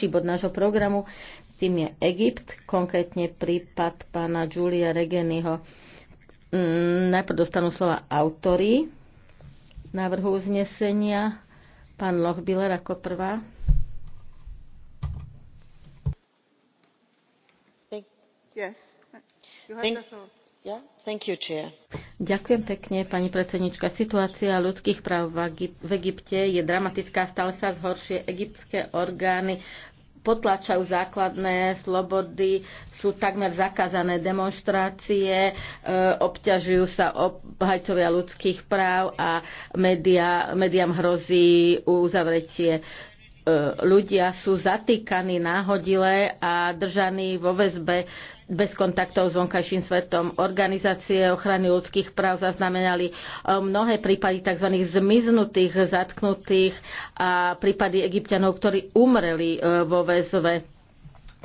ďalší bod nášho programu. Tým je Egypt, konkrétne prípad pána Julia Regeniho. Mm, najprv dostanú slova autory návrhu uznesenia. Pán Lochbiller ako prvá. Ďakujem pekne, pani predsednička. Situácia ľudských práv v Egypte je dramatická, stále sa zhoršie. Egyptské orgány potláčajú základné slobody, sú takmer zakázané demonstrácie, e, obťažujú sa obhajcovia ľudských práv a média, médiám hrozí uzavretie e, ľudia sú zatýkaní náhodile a držaní vo väzbe bez kontaktov s vonkajším svetom. Organizácie ochrany ľudských práv zaznamenali e, mnohé prípady tzv. zmiznutých, zatknutých a prípady egyptianov, ktorí umreli e, vo väzve.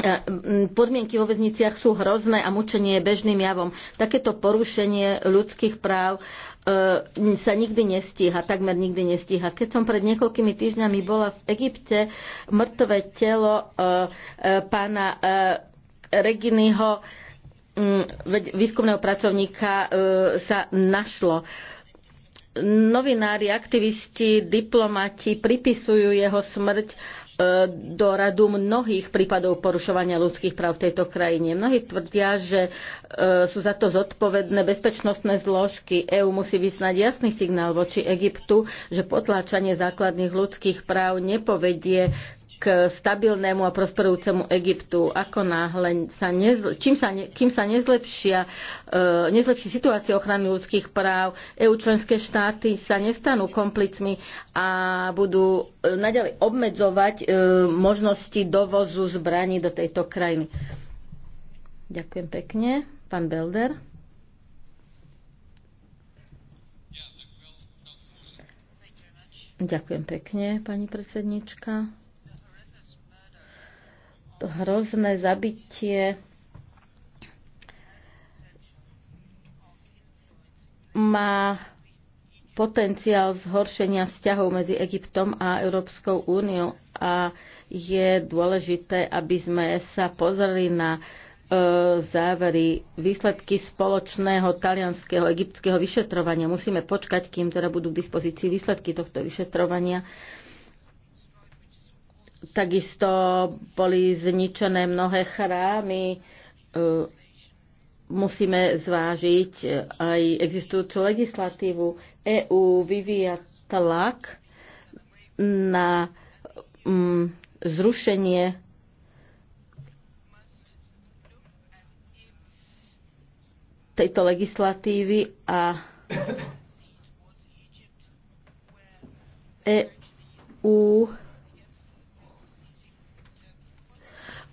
E, podmienky vo väzniciach sú hrozné a mučenie je bežným javom. Takéto porušenie ľudských práv sa nikdy nestíha, takmer nikdy nestíha. Keď som pred niekoľkými týždňami bola v Egypte, mŕtve telo pána reginyho mm, výskumného pracovníka e, sa našlo. Novinári, aktivisti, diplomati pripisujú jeho smrť e, do radu mnohých prípadov porušovania ľudských práv v tejto krajine. Mnohí tvrdia, že e, sú za to zodpovedné bezpečnostné zložky. EÚ musí vysnať jasný signál voči Egyptu, že potláčanie základných ľudských práv nepovedie k stabilnému a prosperujúcemu Egyptu. Ako náhle sa nezle, čím sa ne, kým sa nezlepšia, e, nezlepší situácia ochrany ľudských práv, EU členské štáty sa nestanú komplicmi a budú e, naďalej obmedzovať e, možnosti dovozu zbraní do tejto krajiny. Ďakujem pekne. Pán Belder. Ďakujem pekne, pani predsednička to hrozné zabitie má potenciál zhoršenia vzťahov medzi Egyptom a Európskou úniou a je dôležité, aby sme sa pozreli na e, závery, výsledky spoločného talianského, egyptského vyšetrovania. Musíme počkať, kým teda budú k dispozícii výsledky tohto vyšetrovania. Takisto boli zničené mnohé chrámy. E, musíme zvážiť aj existujúcu legislatívu. EÚ vyvíja tlak na mm, zrušenie tejto legislatívy a EU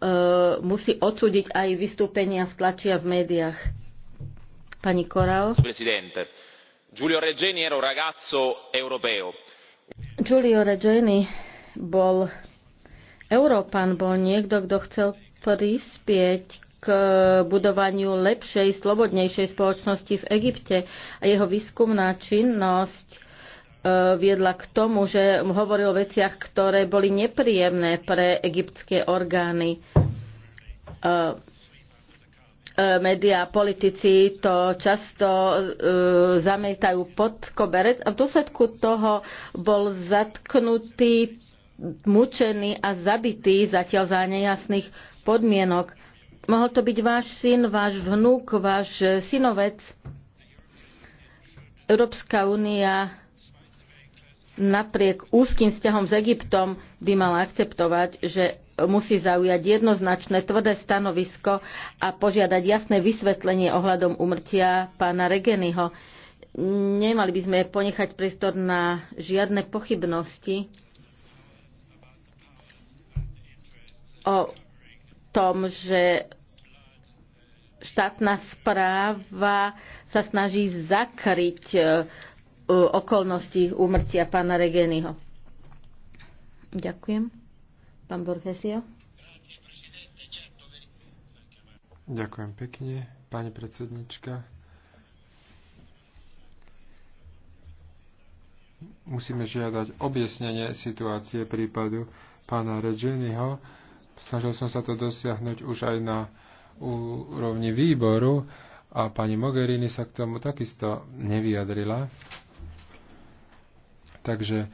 E, musí odsúdiť aj vystúpenia v tlači a v médiách. Pani Korál. Presidente. Giulio Regeni era un ragazzo europeo. Giulio Regeni bol Európan, bol niekto, kto chcel prispieť k budovaniu lepšej, slobodnejšej spoločnosti v Egypte a jeho výskumná činnosť Eh, viedla k tomu, že hovoril o veciach, ktoré boli nepríjemné pre egyptské orgány. Eh, eh, media a politici to často zamietajú pod koberec a v dôsledku toho bol zatknutý, mučený a zabitý zatiaľ za nejasných podmienok. Mohol to byť váš syn, váš vnúk, váš synovec. Európska únia napriek úzkým vzťahom s Egyptom by mala akceptovať, že musí zaujať jednoznačné tvrdé stanovisko a požiadať jasné vysvetlenie ohľadom umrtia pána Regeniho. Nemali by sme ponechať priestor na žiadne pochybnosti o tom, že štátna správa sa snaží zakryť eh, E, okolností úmrtia pána Regeniho. Ďakujem. Pán Borgesio. Ďakujem pekne, pani predsednička. Musíme žiadať objasnenie situácie prípadu pána Regeniho. Snažil som sa to dosiahnuť už aj na úrovni výboru a pani Mogherini sa k tomu takisto nevyjadrila. Takže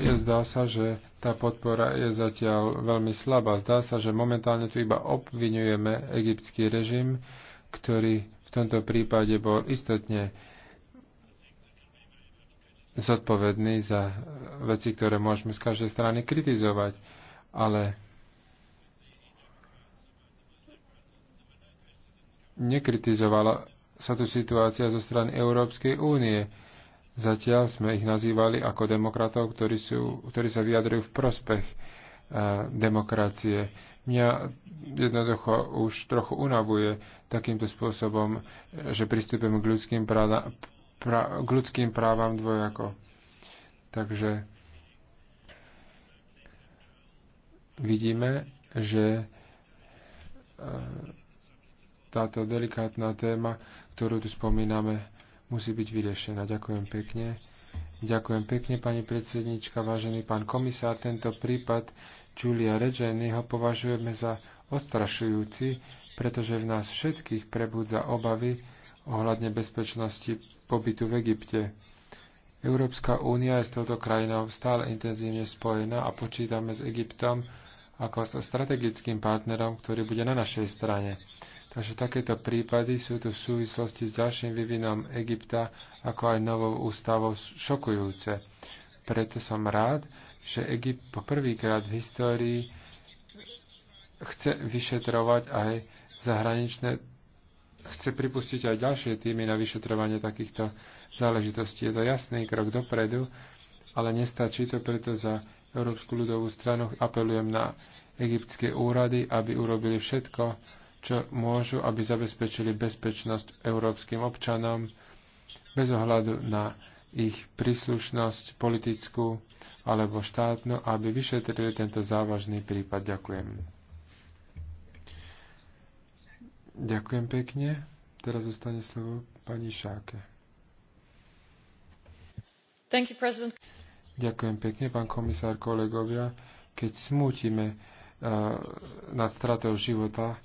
je, zdá sa, že tá podpora je zatiaľ veľmi slabá. Zdá sa, že momentálne tu iba obvinujeme egyptský režim, ktorý v tomto prípade bol istotne zodpovedný za veci, ktoré môžeme z každej strany kritizovať. Ale nekritizovala sa tu situácia zo strany Európskej únie Zatiaľ sme ich nazývali ako demokratov, ktorí, sú, ktorí sa vyjadrujú v prospech e, demokracie. Mňa jednoducho už trochu unavuje takýmto spôsobom, že pristupujem k ľudským, práva, pra, k ľudským právam dvojako. Takže vidíme, že e, táto delikátna téma, ktorú tu spomíname, musí byť vyriešená. Ďakujem pekne. Ďakujem pekne, pani predsednička, vážený pán komisár. Tento prípad Julia Regeny ho považujeme za ostrašujúci, pretože v nás všetkých prebudza obavy ohľadne bezpečnosti pobytu v Egypte. Európska únia je s touto krajinou stále intenzívne spojená a počítame s Egyptom ako so strategickým partnerom, ktorý bude na našej strane. Takže takéto prípady sú tu v súvislosti s ďalším vyvinom Egypta, ako aj novou ústavou šokujúce. Preto som rád, že Egypt po prvýkrát v histórii chce vyšetrovať aj zahraničné, chce pripustiť aj ďalšie týmy na vyšetrovanie takýchto záležitostí. Je to jasný krok dopredu, ale nestačí to, preto za Európsku ľudovú stranu apelujem na egyptské úrady, aby urobili všetko, čo môžu, aby zabezpečili bezpečnosť európskym občanom bez ohľadu na ich príslušnosť politickú alebo štátnu, aby vyšetrili tento závažný prípad. Ďakujem. Ďakujem pekne. Teraz zostane slovo pani Šáke. You, Ďakujem pekne, pán komisár, kolegovia. Keď smútime uh, nad stratou života,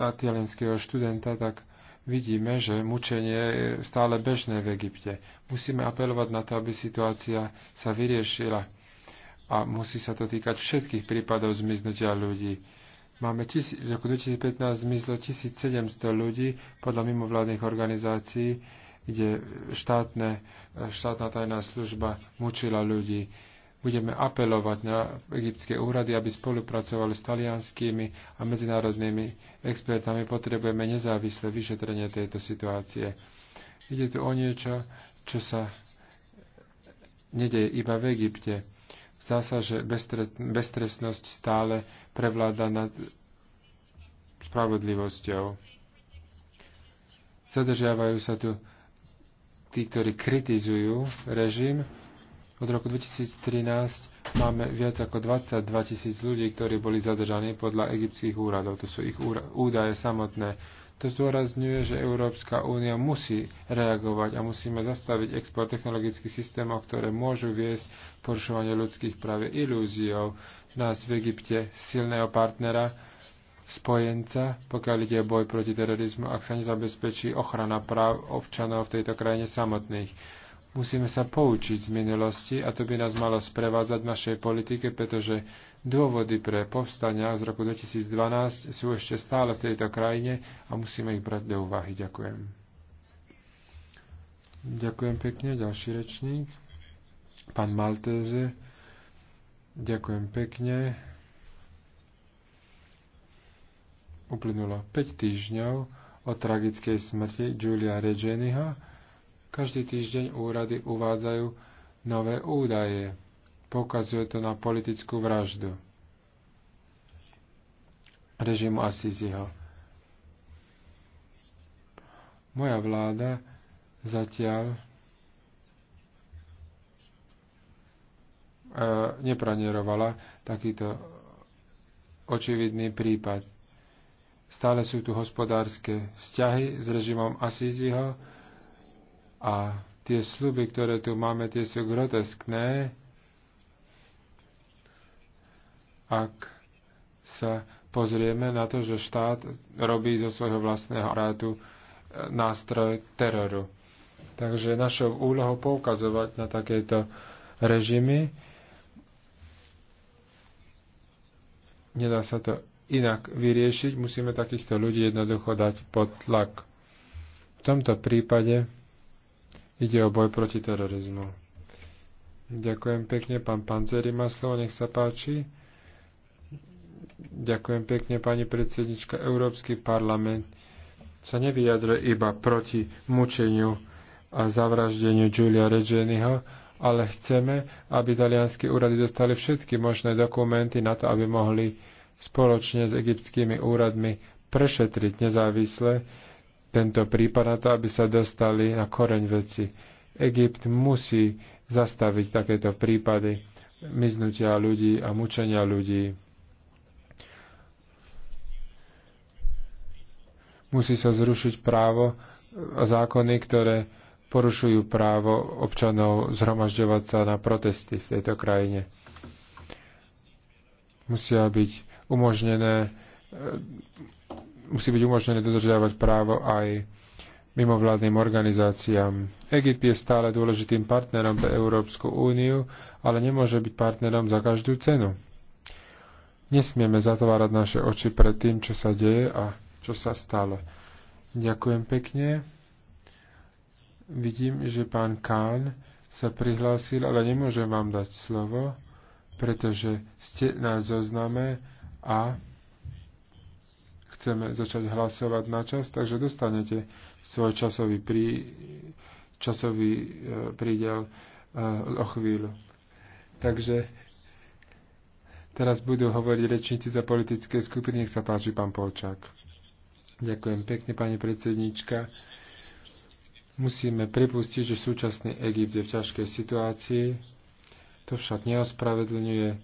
atielenského študenta, tak vidíme, že mučenie je stále bežné v Egypte. Musíme apelovať na to, aby situácia sa vyriešila a musí sa to týkať všetkých prípadov zmiznutia ľudí. Máme tis, v roku 2015 zmizlo 1700 ľudí podľa mimovládnych organizácií, kde štátne, štátna tajná služba mučila ľudí budeme apelovať na egyptské úrady, aby spolupracovali s talianskými a medzinárodnými expertami. Potrebujeme nezávislé vyšetrenie tejto situácie. Ide tu o niečo, čo sa nedeje iba v Egypte. Zdá sa, že beztrestnosť stále prevláda nad spravodlivosťou. Zadržiavajú sa tu tí, ktorí kritizujú režim, od roku 2013 máme viac ako 22 tisíc ľudí, ktorí boli zadržaní podľa egyptských úradov. To sú ich údaje samotné. To zdôrazňuje, že Európska únia musí reagovať a musíme zastaviť export technologických systémov, ktoré môžu viesť porušovanie ľudských práv ilúziou nás v Egypte silného partnera, spojenca, pokiaľ ide boj proti terorizmu, ak sa nezabezpečí ochrana práv občanov v tejto krajine samotných. Musíme sa poučiť z minulosti a to by nás malo sprevádzať v našej politike, pretože dôvody pre povstania z roku 2012 sú ešte stále v tejto krajine a musíme ich brať do úvahy. Ďakujem. Ďakujem pekne. Ďalší rečník. Pán Malteze, Ďakujem pekne. Uplynulo 5 týždňov od tragickej smrti Julia Regeniho každý týždeň úrady uvádzajú nové údaje. Pokazuje to na politickú vraždu režimu Asiziho. Moja vláda zatiaľ e, nepranierovala takýto očividný prípad. Stále sú tu hospodárske vzťahy s režimom Asíziho, a tie sluby, ktoré tu máme, tie sú groteskné. Ak sa pozrieme na to, že štát robí zo svojho vlastného rátu e, nástroj teroru. Takže našou úlohou poukazovať na takéto režimy. Nedá sa to inak vyriešiť, musíme takýchto ľudí jednoducho dať pod tlak. V tomto prípade Ide o boj proti terorizmu. Ďakujem pekne, pán Panzeri má slovo, nech sa páči. Ďakujem pekne, pani predsednička. Európsky parlament sa nevyjadruje iba proti mučeniu a zavraždeniu Giulia Regeniho, ale chceme, aby talianské úrady dostali všetky možné dokumenty na to, aby mohli spoločne s egyptskými úradmi prešetriť nezávisle tento prípad na to, aby sa dostali na koreň veci. Egypt musí zastaviť takéto prípady miznutia ľudí a mučenia ľudí. Musí sa zrušiť právo a zákony, ktoré porušujú právo občanov zhromažďovať sa na protesty v tejto krajine. Musia byť umožnené musí byť umožnené dodržiavať právo aj mimovládnym organizáciám. Egypt je stále dôležitým partnerom pre Európsku úniu, ale nemôže byť partnerom za každú cenu. Nesmieme zatvárať naše oči pred tým, čo sa deje a čo sa stalo. Ďakujem pekne. Vidím, že pán Kán sa prihlásil, ale nemôžem vám dať slovo, pretože ste na zozname a chceme začať hlasovať na čas, takže dostanete svoj časový, prí, časový e, prídel e, o chvíľu. Takže teraz budú hovoriť rečníci za politické skupiny. Nech sa páči, pán Polčák. Ďakujem pekne, pani predsednička. Musíme pripustiť, že súčasný Egypt je v ťažkej situácii. To však neospravedlňuje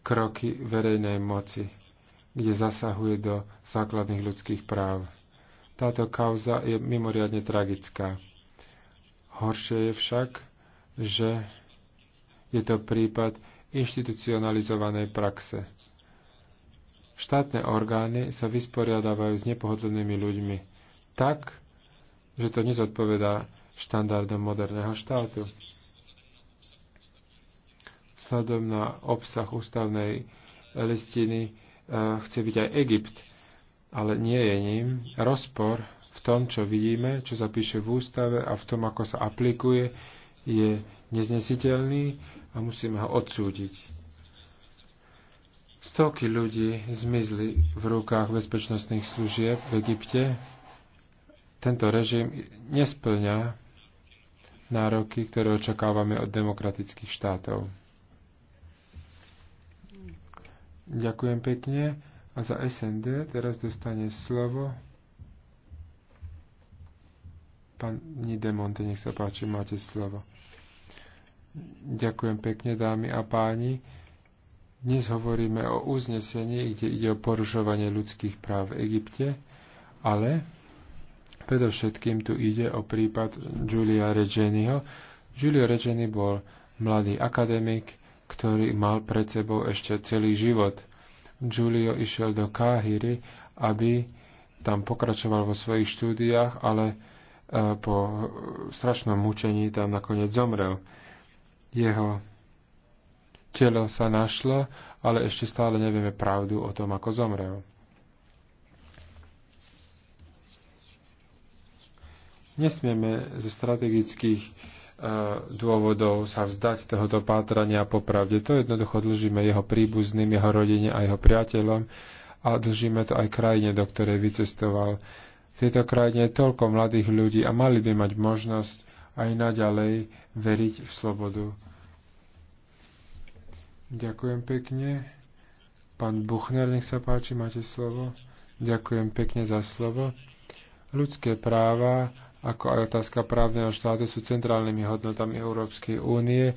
kroky verejnej moci kde zasahuje do základných ľudských práv. Táto kauza je mimoriadne tragická. Horšie je však, že je to prípad inštitucionalizovanej praxe. Štátne orgány sa vysporiadávajú s nepohodlnými ľuďmi tak, že to nezodpovedá štandardom moderného štátu. Vzhľadom na obsah ústavnej listiny Eh, chce byť aj Egypt, ale nie je ním rozpor v tom, čo vidíme, čo sa píše v ústave a v tom, ako sa aplikuje, je neznesiteľný a musíme ho odsúdiť. Stovky ľudí zmizli v rukách bezpečnostných služieb v Egypte. Tento režim nesplňa nároky, ktoré očakávame od demokratických štátov. Ďakujem pekne. A za SND teraz dostane slovo pán Nidemonte, nech sa páči, máte slovo. Ďakujem pekne, dámy a páni. Dnes hovoríme o uznesení, kde ide o porušovanie ľudských práv v Egypte, ale predovšetkým tu ide o prípad Giulia Regeniho. Giulio Regeni bol mladý akademik, ktorý mal pred sebou ešte celý život. Giulio išiel do Káhiry, aby tam pokračoval vo svojich štúdiách, ale e, po strašnom mučení tam nakoniec zomrel. Jeho telo sa našlo, ale ešte stále nevieme pravdu o tom, ako zomrel. Nesmieme zo strategických E, dôvodov sa vzdať tohoto pátrania po popravde. To jednoducho dlžíme jeho príbuzným, jeho rodine a jeho priateľom a dlžíme to aj krajine, do ktorej vycestoval. V tejto krajine je toľko mladých ľudí a mali by mať možnosť aj naďalej veriť v slobodu. Ďakujem pekne. Pán Buchner, nech sa páči, máte slovo. Ďakujem pekne za slovo. Ľudské práva ako aj otázka právneho štátu sú centrálnymi hodnotami Európskej únie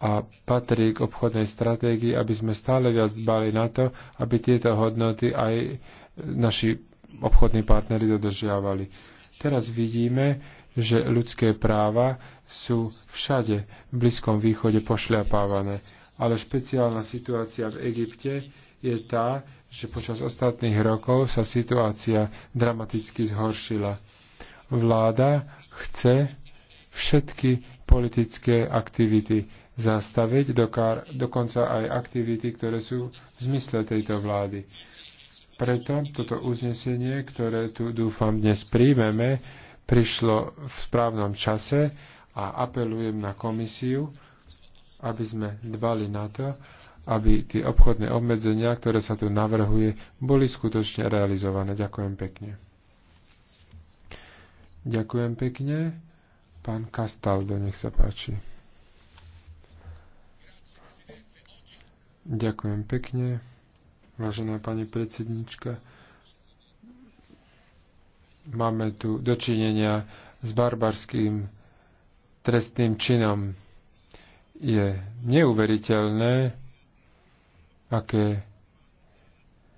a patrí k obchodnej stratégii, aby sme stále viac dbali na to, aby tieto hodnoty aj naši obchodní partnery dodržiavali. Teraz vidíme, že ľudské práva sú všade v Blízkom východe pošľapávané. Ale špeciálna situácia v Egypte je tá, že počas ostatných rokov sa situácia dramaticky zhoršila vláda chce všetky politické aktivity zastaviť, dokonca aj aktivity, ktoré sú v zmysle tejto vlády. Preto toto uznesenie, ktoré tu dúfam dnes príjmeme, prišlo v správnom čase a apelujem na komisiu, aby sme dbali na to, aby tie obchodné obmedzenia, ktoré sa tu navrhuje, boli skutočne realizované. Ďakujem pekne. Ďakujem pekne. Pán Castaldo, nech sa páči. Ďakujem pekne, vážená pani predsednička. Máme tu dočinenia s barbarským trestným činom. Je neuveriteľné, aké,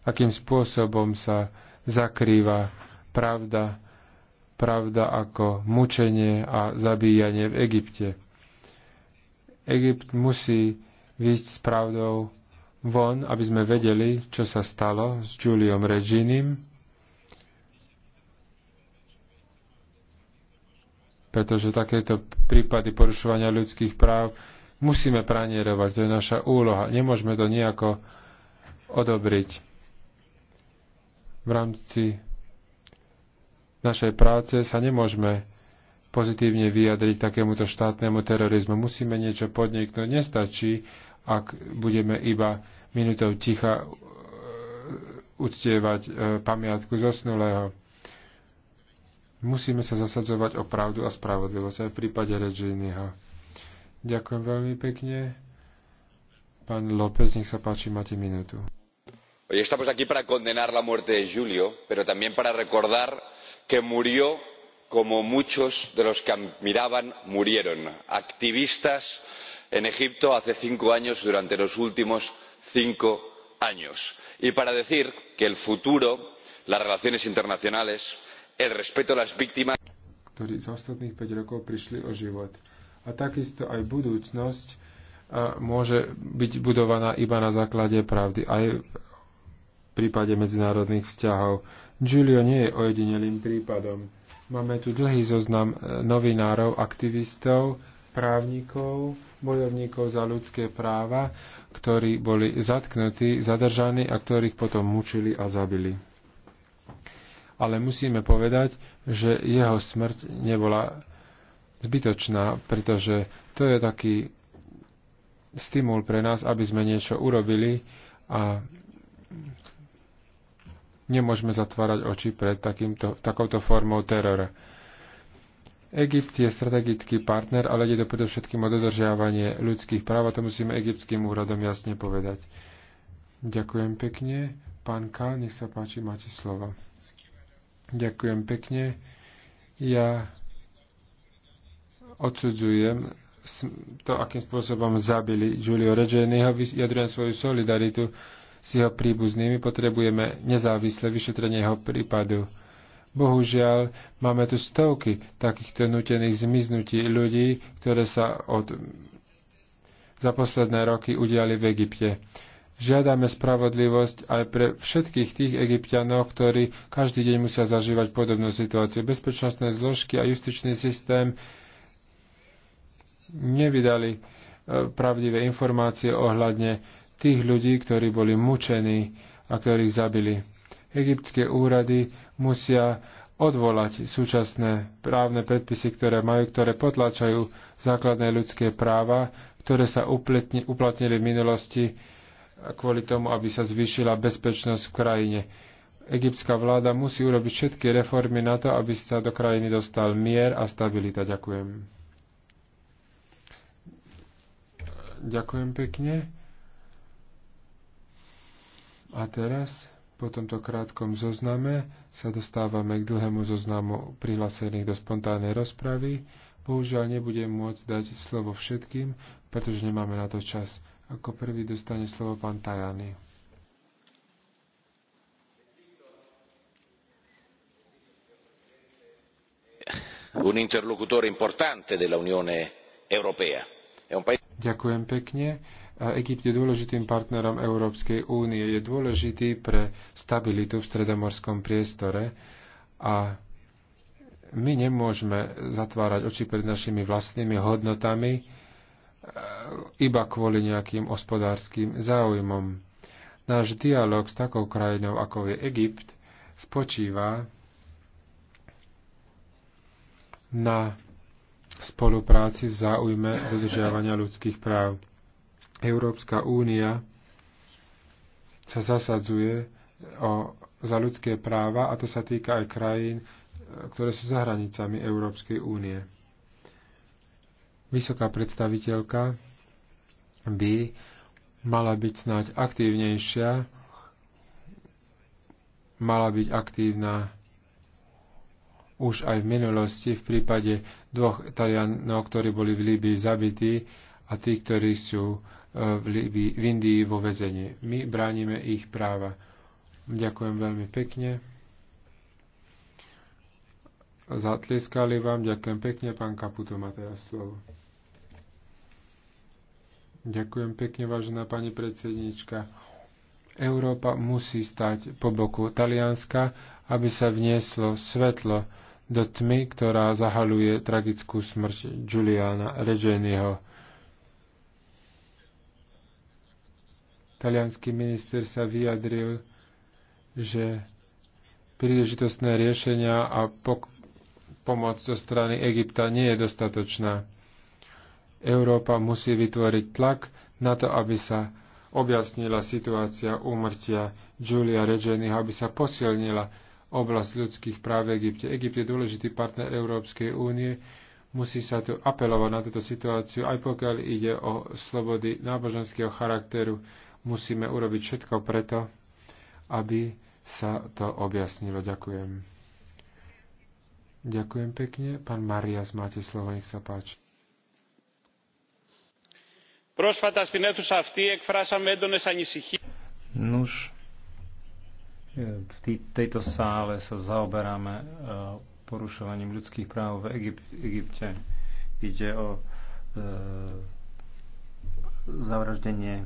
akým spôsobom sa zakrýva pravda pravda ako mučenie a zabíjanie v Egypte. Egypt musí výjsť s pravdou von, aby sme vedeli, čo sa stalo s Juliom Reginim, pretože takéto prípady porušovania ľudských práv musíme pranierovať. To je naša úloha. Nemôžeme to nejako odobriť v rámci našej práce sa nemôžeme pozitívne vyjadriť takémuto štátnemu terorizmu. Musíme niečo podniknúť. Nestačí, ak budeme iba minutou ticha uh, uctievať uh, pamiatku zosnulého. Musíme sa zasadzovať o pravdu a spravodlivosť aj v prípade Reginyho. Ďakujem veľmi pekne. Pán López, nech sa páči, máte minútu. Hoy estamos aquí para condenar la muerte de Julio, pero también para recordar que murió como muchos de los que admiraban murieron activistas en egipto hace cinco años durante los últimos cinco años y para decir que el futuro las relaciones internacionales el respeto a las víctimas ktorí za ostatných 5 rokov prišli o život. A takisto aj budúcnosť a, môže byť budovaná iba na základe pravdy, aj v prípade medzinárodných vzťahov. Giulio nie je ojedinelým prípadom. Máme tu dlhý zoznam e, novinárov, aktivistov, právnikov, bojovníkov za ľudské práva, ktorí boli zatknutí, zadržaní a ktorých potom mučili a zabili. Ale musíme povedať, že jeho smrť nebola zbytočná, pretože to je taký stimul pre nás, aby sme niečo urobili a Nemôžeme zatvárať oči pred takýmto, takouto formou terora. Egypt je strategický partner, ale ide to predovšetkým o dodržiavanie ľudských práv a to musíme egyptským úradom jasne povedať. Ďakujem pekne. Pán K, nech sa páči, máte slovo. Ďakujem pekne. Ja odsudzujem to, akým spôsobom zabili Giulio Regeniho, vyjadrujem svoju solidaritu s jeho príbuznými, potrebujeme nezávislé vyšetrenie jeho prípadu. Bohužiaľ, máme tu stovky takýchto nutených zmiznutí ľudí, ktoré sa od, za posledné roky udiali v Egypte. Žiadame spravodlivosť aj pre všetkých tých egyptianov, ktorí každý deň musia zažívať podobnú situáciu. Bezpečnostné zložky a justičný systém nevydali eh, pravdivé informácie ohľadne tých ľudí, ktorí boli mučení a ktorých zabili. Egyptské úrady musia odvolať súčasné právne predpisy, ktoré majú, ktoré potlačajú základné ľudské práva, ktoré sa upletni, uplatnili v minulosti kvôli tomu, aby sa zvýšila bezpečnosť v krajine. Egyptská vláda musí urobiť všetky reformy na to, aby sa do krajiny dostal mier a stabilita. Ďakujem. Ďakujem pekne. A teraz po tomto krátkom zozname sa dostávame k dlhému zoznamu prihlásených do spontánnej rozpravy. Bohužiaľ nebudem môcť dať slovo všetkým, pretože nemáme na to čas. Ako prvý dostane slovo pán Tajany. Un interlocutore importante della Unione Europea. Ďakujem pekne. Egypt je dôležitým partnerom Európskej únie, je dôležitý pre stabilitu v stredomorskom priestore a my nemôžeme zatvárať oči pred našimi vlastnými hodnotami e, iba kvôli nejakým hospodárským záujmom. Náš dialog s takou krajinou, ako je Egypt, spočíva na spolupráci v záujme dodržiavania ľudských práv. Európska únia sa zasadzuje o, za ľudské práva a to sa týka aj krajín, e, ktoré sú za hranicami Európskej únie. Vysoká predstaviteľka by mala byť snáď aktívnejšia, mala byť aktívna už aj v minulosti v prípade dvoch Talianov, ktorí boli v Líbii zabití a tí, ktorí sú v, Libii, v Indii vo vezení. My bránime ich práva. Ďakujem veľmi pekne. Zatlieskali vám. Ďakujem pekne. Pán Kaputo má teraz slovo. Ďakujem pekne, vážená pani predsednička. Európa musí stať po boku Talianska, aby sa vnieslo svetlo do tmy, ktorá zahaluje tragickú smrť Giuliana Regeniho. Talianský minister sa vyjadril, že príležitostné riešenia a pok- pomoc zo strany Egypta nie je dostatočná. Európa musí vytvoriť tlak na to, aby sa objasnila situácia úmrtia Julia Regeniho, aby sa posilnila oblasť ľudských práv v Egypte. Egypt je dôležitý partner Európskej únie, musí sa tu apelovať na túto situáciu, aj pokiaľ ide o slobody náboženského charakteru, musíme urobiť všetko preto, aby sa to objasnilo. Ďakujem. Ďakujem pekne. Pán Marias, máte slovo, nech sa páči. Πρόσφατα στην αίθουσα αυτή εκφράσαμε έντονες ανησυχίες. Nuž, v tejto sále sa zaoberáme porušovaním ľudských práv v Egypte. Ide o e, zavraždenie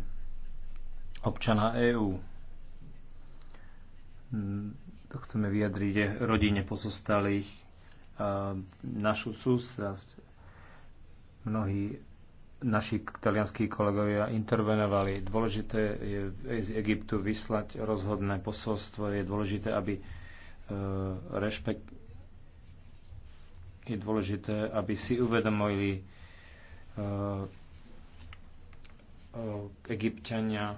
občana EÚ. To Chceme vyjadriť e, rodine pozostalých našu sústrasť. Mnohí naši talianskí kolegovia intervenovali. Dôležité je z Egyptu vyslať rozhodné posolstvo. Je dôležité, aby e, rešpekt je dôležité, aby si uvedomili uh, uh, egyptiania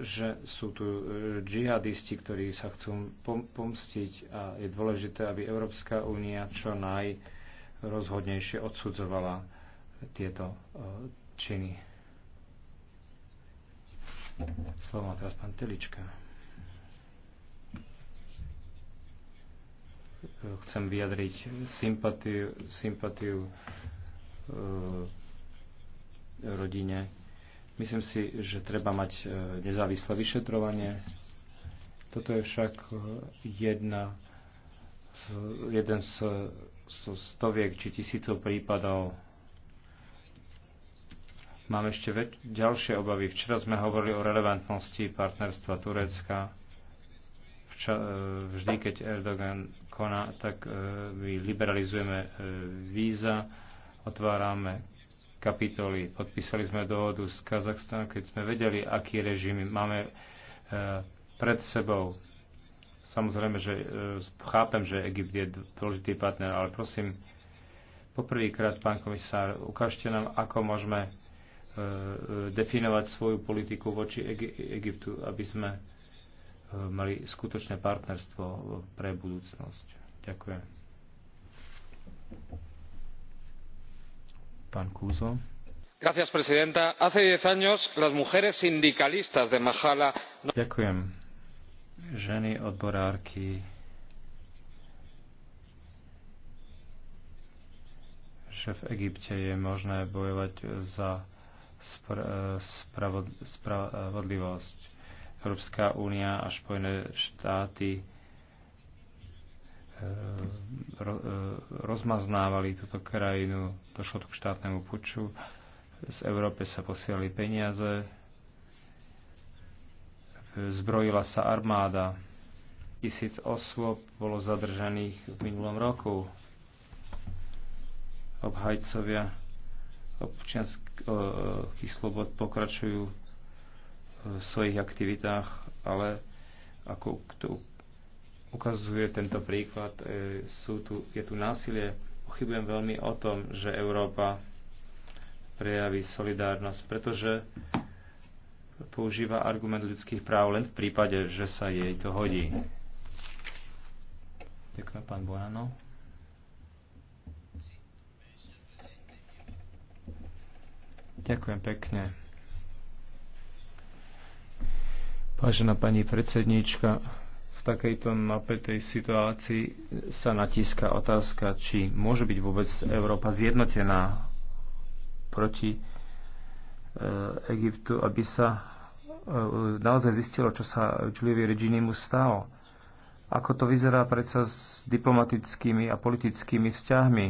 že sú tu e, džihadisti, ktorí sa chcú pomstiť a je dôležité, aby Európska únia čo najrozhodnejšie odsudzovala tieto e, činy. Slovo má teraz pán Telička. E, chcem vyjadriť sympatiu, sympatiu e, rodine Myslím si, že treba mať e, nezávislé vyšetrovanie. Toto je však e, jedna, jeden z, z stoviek či tisícov prípadov. Mám ešte väč- ďalšie obavy. Včera sme hovorili o relevantnosti partnerstva Turecka. Vča- e, vždy, keď Erdogan koná, tak my liberalizujeme víza, otvárame kapitoly. Podpísali sme dohodu s Kazachstanom, keď sme vedeli, aký režim máme e, pred sebou. Samozrejme, že e, chápem, že Egypt je dôležitý partner, ale prosím, poprvýkrát, pán komisár, ukážte nám, ako môžeme e, definovať svoju politiku voči Egyptu, aby sme mali skutočné partnerstvo pre budúcnosť. Ďakujem señora presidenta. Hace diez años las mujeres sindicalistas de Mahala... No- Ďakujem. Ženy odborárky že v Egypte je možné bojovať za spra- spravodlivosť. Európska únia a Spojené štáty E, rozmaznávali túto krajinu, došlo to k štátnemu puču, z Európy sa posielali peniaze, zbrojila sa armáda, tisíc osôb bolo zadržaných v minulom roku. Obhajcovia občianských slobod pokračujú v svojich aktivitách, ale ako ukazuje tento príklad. E, sú tu, je tu násilie. Pochybujem veľmi o tom, že Európa prejaví solidárnosť, pretože používa argument ľudských práv len v prípade, že sa jej to hodí. Ďakujem, pán Bonano. Ďakujem pekne. Vážená pani predsedníčka, takejto napätej situácii sa natíska otázka, či môže byť vôbec Európa zjednotená proti e, Egyptu, aby sa e, naozaj zistilo, čo sa Giuliovi mu stalo. Ako to vyzerá predsa s diplomatickými a politickými vzťahmi?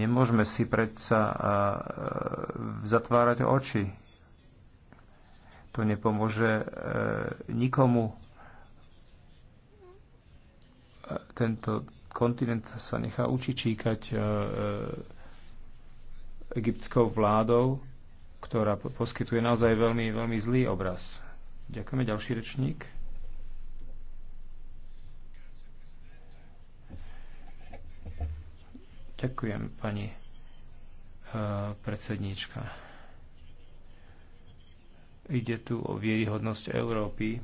Nemôžeme si predsa e, zatvárať oči. To nepomôže e, nikomu tento kontinent sa nechá učičíkať e, e, egyptskou vládou, ktorá poskytuje naozaj veľmi, veľmi zlý obraz. Ďakujeme, ďalší rečník. Ďakujem, pani e, predsedníčka. Ide tu o vieryhodnosť Európy,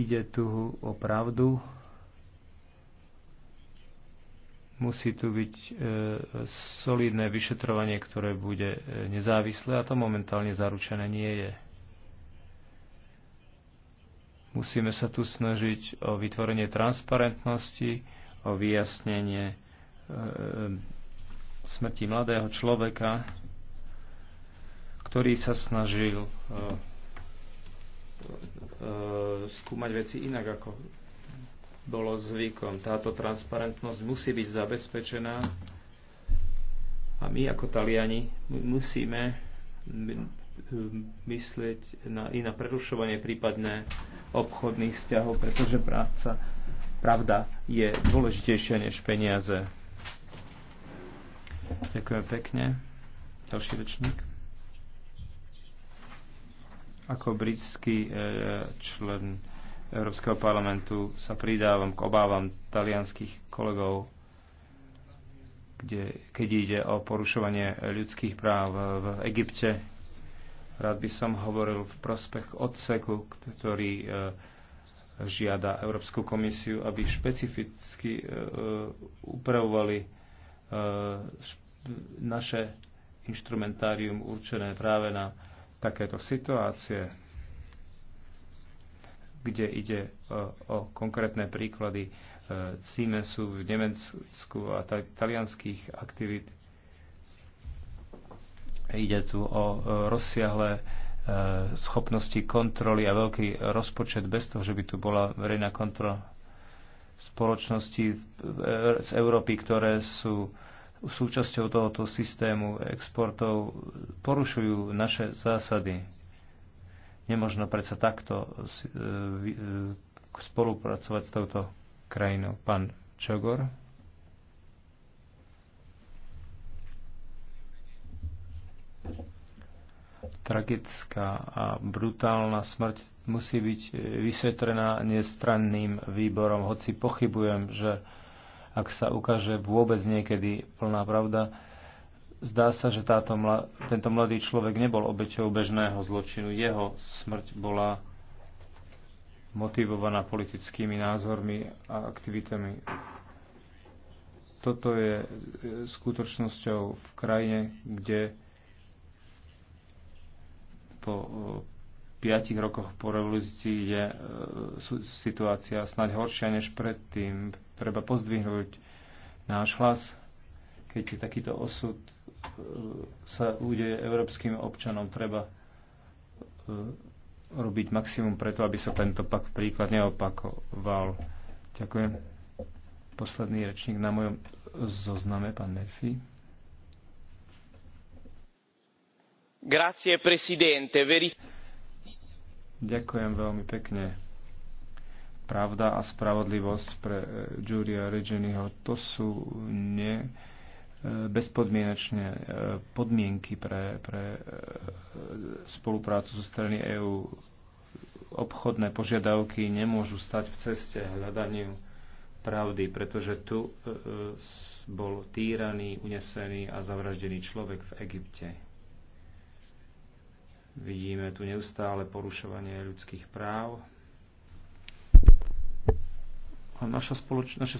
ide tu o pravdu, Musí tu byť e, solidné vyšetrovanie, ktoré bude e, nezávislé a to momentálne zaručené nie je. Musíme sa tu snažiť o vytvorenie transparentnosti, o vyjasnenie e, e smrti mladého človeka, ktorý sa snažil e, e skúmať veci inak ako bolo zvykom. Táto transparentnosť musí byť zabezpečená a my ako Taliani musíme myslieť na, i na prerušovanie prípadne obchodných vzťahov, pretože práca, pravda je dôležitejšia než peniaze. Ďakujem pekne. Ďalší rečník. Ako britský e, člen Európskeho parlamentu sa pridávam k obávam talianských kolegov, kde, keď ide o porušovanie ľudských práv v Egypte. Rád by som hovoril v prospech odseku, ktorý e, žiada Európsku komisiu, aby špecificky e, e upravovali e, naše inštrumentárium určené práve na takéto situácie kde ide e, o konkrétne príklady e, Siemensu v Nemecku a talianských aktivít. Ide tu o e, rozsiahle schopnosti kontroly a veľký rozpočet bez toho, že by tu bola verejná kontrola spoločnosti z Európy, ktoré sú súčasťou tohoto systému exportov, porušujú naše zásady Nemožno predsa takto e, e, spolupracovať s touto krajinou. Pán Čogor. Tragická a brutálna smrť musí byť vysvetrená nestranným výborom, hoci pochybujem, že ak sa ukáže vôbec niekedy plná pravda, Zdá sa, že táto mla, tento mladý človek nebol obeťou bežného zločinu. Jeho smrť bola motivovaná politickými názormi a aktivitami. Toto je e, skutočnosťou v krajine, kde po e, piatich rokoch po revolúcii je e, situácia snáď horšia než predtým. Treba pozdvihnúť náš hlas, keď je takýto osud sa udeje európskym občanom. Treba e, robiť maximum preto, aby sa tento pak príklad neopakoval. Ďakujem. Posledný rečník na mojom zozname, pán Murphy. Grazie, presidente. Veri... Ďakujem veľmi pekne. Pravda a spravodlivosť pre e, Giulia Reginiho, to sú nie bezpodmienečne e, podmienky pre, pre e, spoluprácu zo so strany EÚ. Obchodné požiadavky nemôžu stať v ceste hľadaniu pravdy, pretože tu e, bol týraný, unesený a zavraždený človek v Egypte. Vidíme tu neustále porušovanie ľudských práv. A naše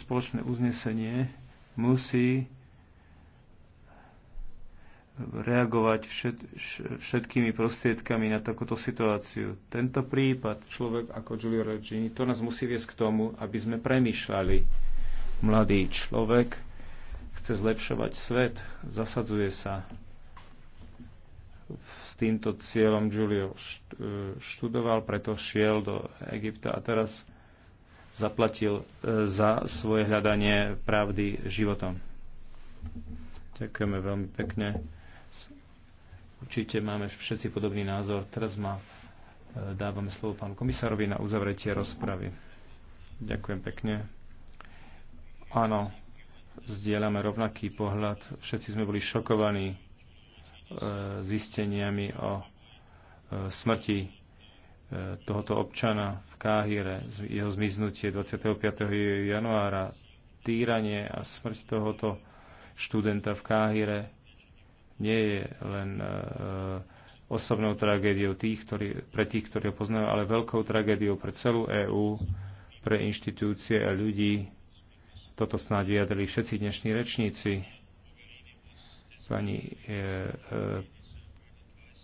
spoločné uznesenie musí reagovať všet, všetkými prostriedkami na takúto situáciu. Tento prípad, človek ako Giulio Regini, to nás musí viesť k tomu, aby sme premýšľali. Mladý človek chce zlepšovať svet, zasadzuje sa s týmto cieľom Giulio e, študoval, preto šiel do Egypta a teraz zaplatil e, za svoje hľadanie pravdy životom. Ďakujeme veľmi pekne. Určite máme všetci podobný názor. Teraz ma e, dávame slovo pánu komisárovi na uzavretie rozpravy. Ďakujem pekne. Áno, zdieľame rovnaký pohľad. Všetci sme boli šokovaní e, zisteniami o e, smrti tohoto občana v Káhire, jeho zmiznutie 25. januára, týranie a smrť tohoto študenta v Káhire nie je len e, e, osobnou tragédiou tých, ktorí, pre tých, ktorí ho poznajú, ale veľkou tragédiou pre celú EÚ, pre inštitúcie a ľudí. Toto snáď vyjadrili všetci dnešní rečníci. Pani e, e,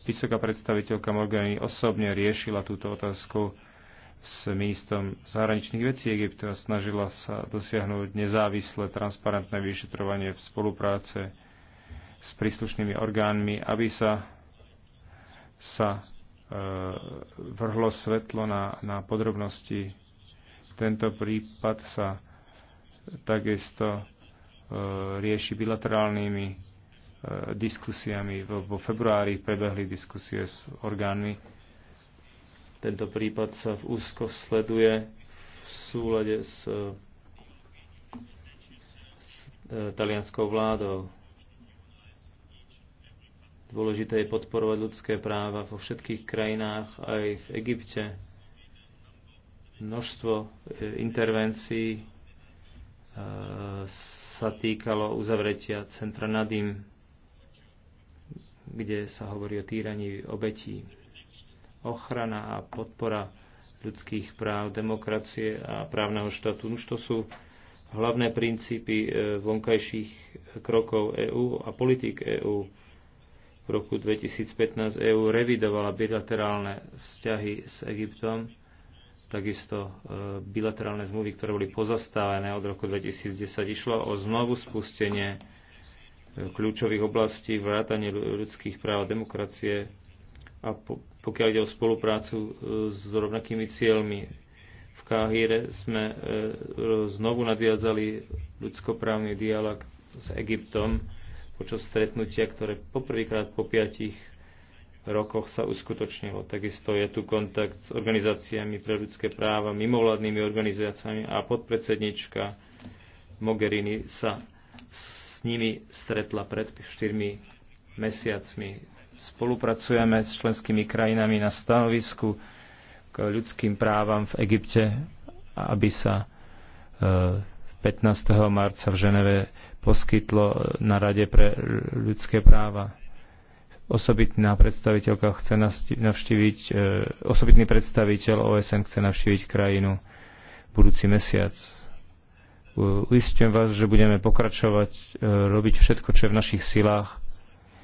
vysoká predstaviteľka Morgani osobne riešila túto otázku s ministrom zahraničných vecí Egyptu a snažila sa dosiahnuť nezávislé, transparentné vyšetrovanie v spolupráce s príslušnými orgánmi, aby sa, sa e, vrhlo svetlo na, na podrobnosti. Tento prípad sa takisto e, rieši bilaterálnymi e, diskusiami. Vo, vo februári prebehli diskusie s orgánmi. Tento prípad sa v úzko sleduje v súlade s, e, s e, talianskou vládou Dôležité je podporovať ľudské práva vo všetkých krajinách, aj v Egypte. Množstvo e, intervencií e, sa týkalo uzavretia centra Nadim, kde sa hovorí o týraní obetí. Ochrana a podpora ľudských práv, demokracie a právneho štátu. Už to sú hlavné princípy e, vonkajších krokov EÚ a politík EÚ v roku 2015 EÚ revidovala bilaterálne vzťahy s Egyptom, takisto e, bilaterálne zmluvy, ktoré boli pozastavené od roku 2010. Išlo o znovu spustenie e, kľúčových oblastí, vrátanie ľudských práv a demokracie a pokiaľ ide o spoluprácu e, s rovnakými cieľmi. V Káhire sme znovu nadviazali ľudskoprávny dialog s Egyptom počas stretnutia, ktoré poprvýkrát po piatich rokoch sa uskutočnilo. Takisto je tu kontakt s organizáciami pre ľudské práva, mimovládnymi organizáciami a podpredsednička Mogherini sa s nimi stretla pred 4 mesiacmi. Spolupracujeme s členskými krajinami na stanovisku k ľudským právam v Egypte, aby sa 15. E, marca v Ženeve poskytlo e, na Rade pre ľudské práva. Osobitná predstaviteľka chce navštíviť, e, osobitný predstaviteľ OSN chce navštíviť krajinu budúci mesiac. Uistujem vás, že budeme pokračovať, e, robiť všetko, čo je v našich silách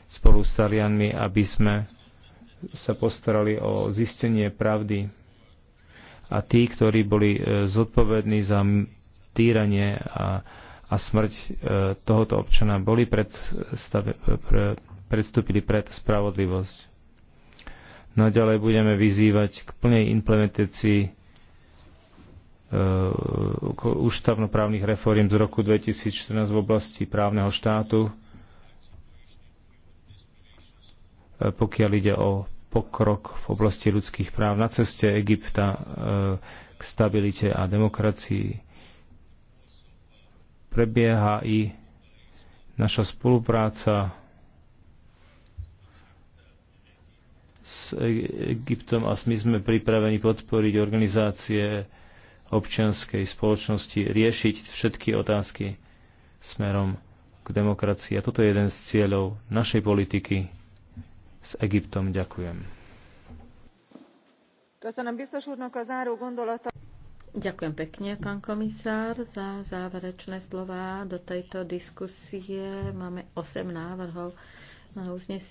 spolu s Talianmi, aby sme sa postarali o zistenie pravdy. A tí, ktorí boli zodpovední za týranie a a smrť e, tohoto občana boli predstave, e, pre, predstúpili pred spravodlivosť. Naďalej no budeme vyzývať k plnej implementácii e, ústavnoprávnych reform z roku 2014 v oblasti právneho štátu, pokiaľ ide o pokrok v oblasti ľudských práv na ceste Egypta k stabilite a demokracii prebieha i naša spolupráca s Egyptom a my sme pripravení podporiť organizácie občianskej spoločnosti, riešiť všetky otázky smerom k demokracii. A toto je jeden z cieľov našej politiky s Egyptom. Ďakujem. Ďakujem pekne, pán komisár, za záverečné slova. Do tejto diskusie máme 8 návrhov na uznesenie.